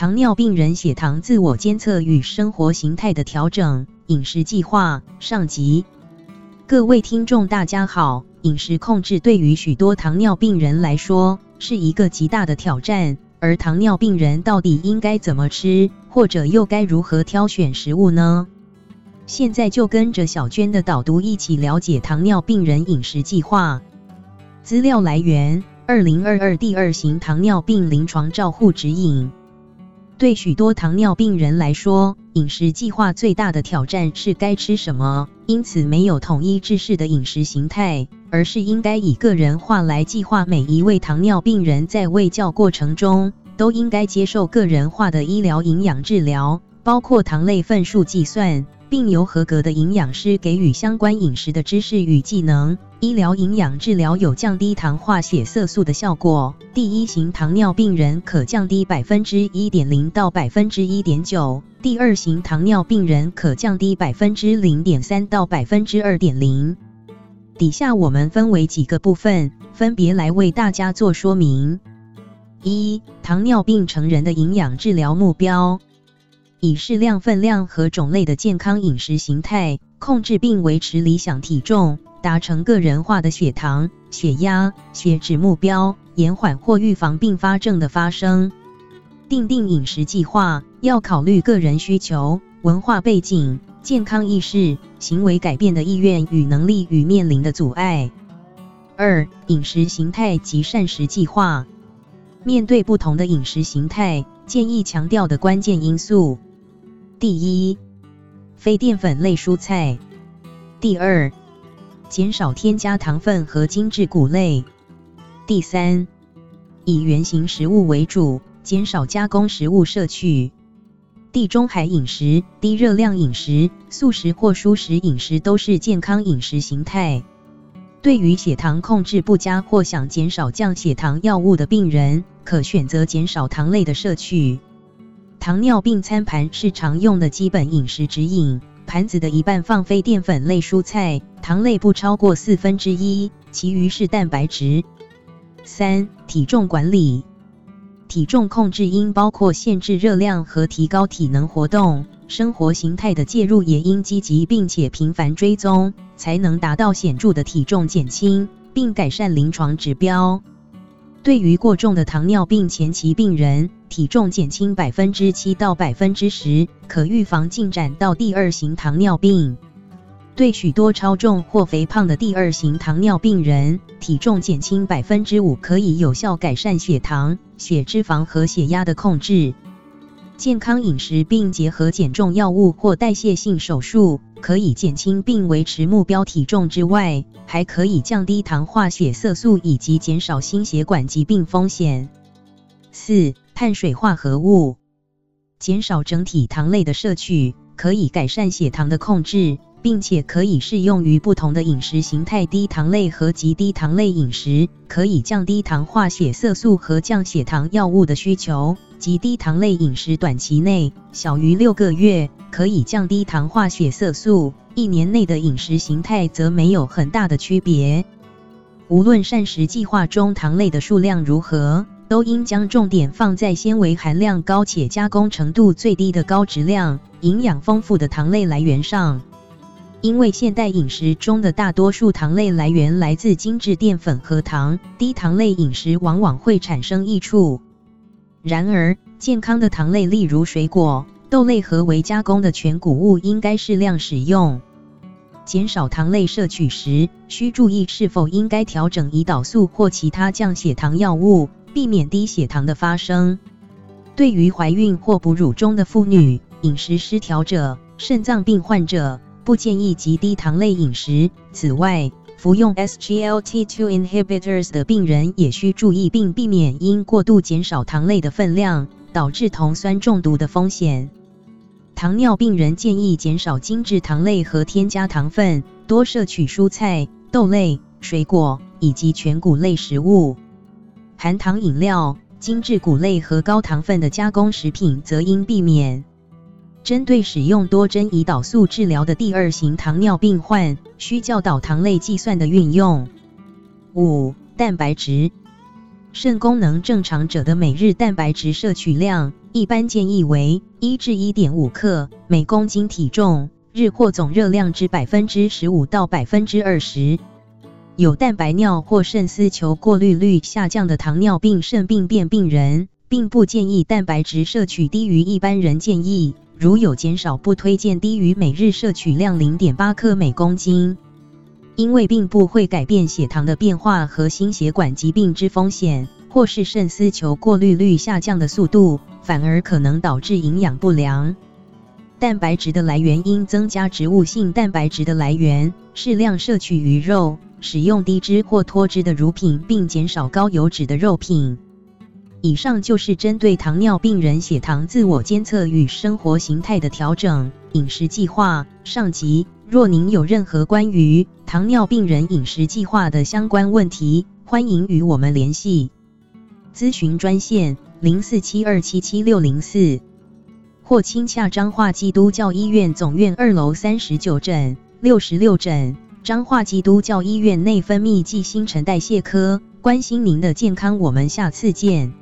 糖尿病人血糖自我監測與生活型態的調整飲食計劃上集。各位聽眾，大家好。飲食控制對於許多糖尿病人來說是一個極大的挑戰，而糖尿病人到底應該怎麼吃，或者又該如何挑選食物呢？現在就跟着小娟的導讀一起了解糖尿病人飲食計劃。資料來源：二零二二第二型糖尿病臨床照護指引。對許多糖尿病人來說，飲食計劃最大的挑戰是該吃什麼。因此，沒有統一制式的飲食形態，而是應該以個人化來計劃。每一位糖尿病人在衛教過程中，都應該接受個人化的醫療營養治療，包括糖類份數計算。並由合格的營養師給予相關飲食的知識與技能。醫療營養治療有降低糖化血色素的效果，第一型糖尿病人可降低百分之一點零到百分之一點九，第二型糖尿病人可降低百分之零點三到百分之二點零。底下我們分為幾個部分，分別來為大家做說明。一、糖尿病成人的營養治療目標。以適量分量和種類的健康飲食形態，控制並維持理想體重，達成個人化的血糖、血壓、血脂目標，延緩或預防併發症的發生。訂定飲食計劃要考慮個人需求、文化背景、健康意識、行為改變的意願與能力與面臨的阻礙。二、飲食形態及膳食計劃。面對不同的飲食形態，建議強調的關鍵因素。第一，非澱粉類蔬菜；第二，減少添加糖分和精製穀類；第三，以原型食物為主，減少加工食物攝取。地中海飲食、低熱量飲食、素食或蔬食飲食都是健康飲食形態。對於血糖控制不佳或想減少降血糖藥物的病人，可選擇減少糖類的攝取。糖尿病餐盤是常用的基本飲食指引，盤子的一半放非澱粉類蔬菜，糖類不超過四分之一，其餘是蛋白質。三、體重管理，體重控制應包括限制熱量和提高體能活動，生活形態的介入也應積極並且頻繁追蹤，才能達到顯著的體重減輕，並改善臨床指標。對於過重的糖尿病前期病人，體重減輕百分之七到百分之十，可預防進展到第二型糖尿病。對許多超重或肥胖的第二型糖尿病人，體重減輕百分之五可以有效改善血糖、血脂肪和血壓的控制。健康飲食並結合減重藥物或代謝性手術。可以減輕並維持目標體重之外，還可以降低糖化血色素以及減少心血管疾病風險。四、碳水化合物，減少整體糖類的攝取，可以改善血糖的控制，並且可以適用於不同的飲食形態，低糖類和極低糖類飲食可以降低糖化血色素和降血糖藥物的需求。極低糖類飲食短期內，小於六個月。可以降低糖化血色素，一年內的飲食型態則沒有很大的區別。無論膳食計劃中糖類的數量如何，都應將重點放在纖維含量高且加工程度最低的高質量、營養豐富的糖類來源上，因為現代飲食中的大多數糖類來源來自精製澱粉和糖。低糖類飲食往往會產生益處。然而，健康的糖類，例如水果。豆類和未加工的全穀物應該適量使用。減少糖類攝取時，需注意是否應該調整胰島素或其他降血糖藥物，避免低血糖的發生。對於懷孕或哺乳中的婦女、飲食失調者、腎臟病患者，不建議極低糖類飲食。此外，服用 SGLT2 inhibitors 的病人也需注意並避免因過度減少糖類的分量，導致酮酸中毒的風險。糖尿病人建議減少精製糖類和添加糖分，多攝取蔬菜、豆類、水果以及全穀類食物。含糖飲料、精製穀類和高糖分的加工食品則應避免。針對使用多針胰島素治療的第二型糖尿病患，需教導糖類計算的運用。五、蛋白質。腎功能正常者的每日蛋白質攝取量，一般建議為一至一點五克每公斤體重日或總熱量之百分之十五到百分之二十。有蛋白尿或腎絲球過濾率下降的糖尿病腎病變病人，並不建議蛋白質攝取低於一般人建議。如有減少，不推薦低於每日攝取量零點八克每公斤。因為並不會改變血糖的變化和心血管疾病之風險，或是腎絲球過濾率下降的速度，反而可能導致營養不良。蛋白質的來源應增加植物性蛋白質的來源，適量攝取魚肉，使用低脂或脫脂的乳品，並減少高油脂的肉品。以上就是針對糖尿病人血糖自我監測與生活型態的調整飲食計畫上集。若您有任何關於糖尿病人飲食計劃的相關問題，歡迎與我們聯繫。諮詢專線：零四七二七七六零四，或親洽彰化基督教醫院總院二樓三十九診、六十六診。彰化基督教醫院內分泌暨新陳代謝科，關心您的健康，我們下次見。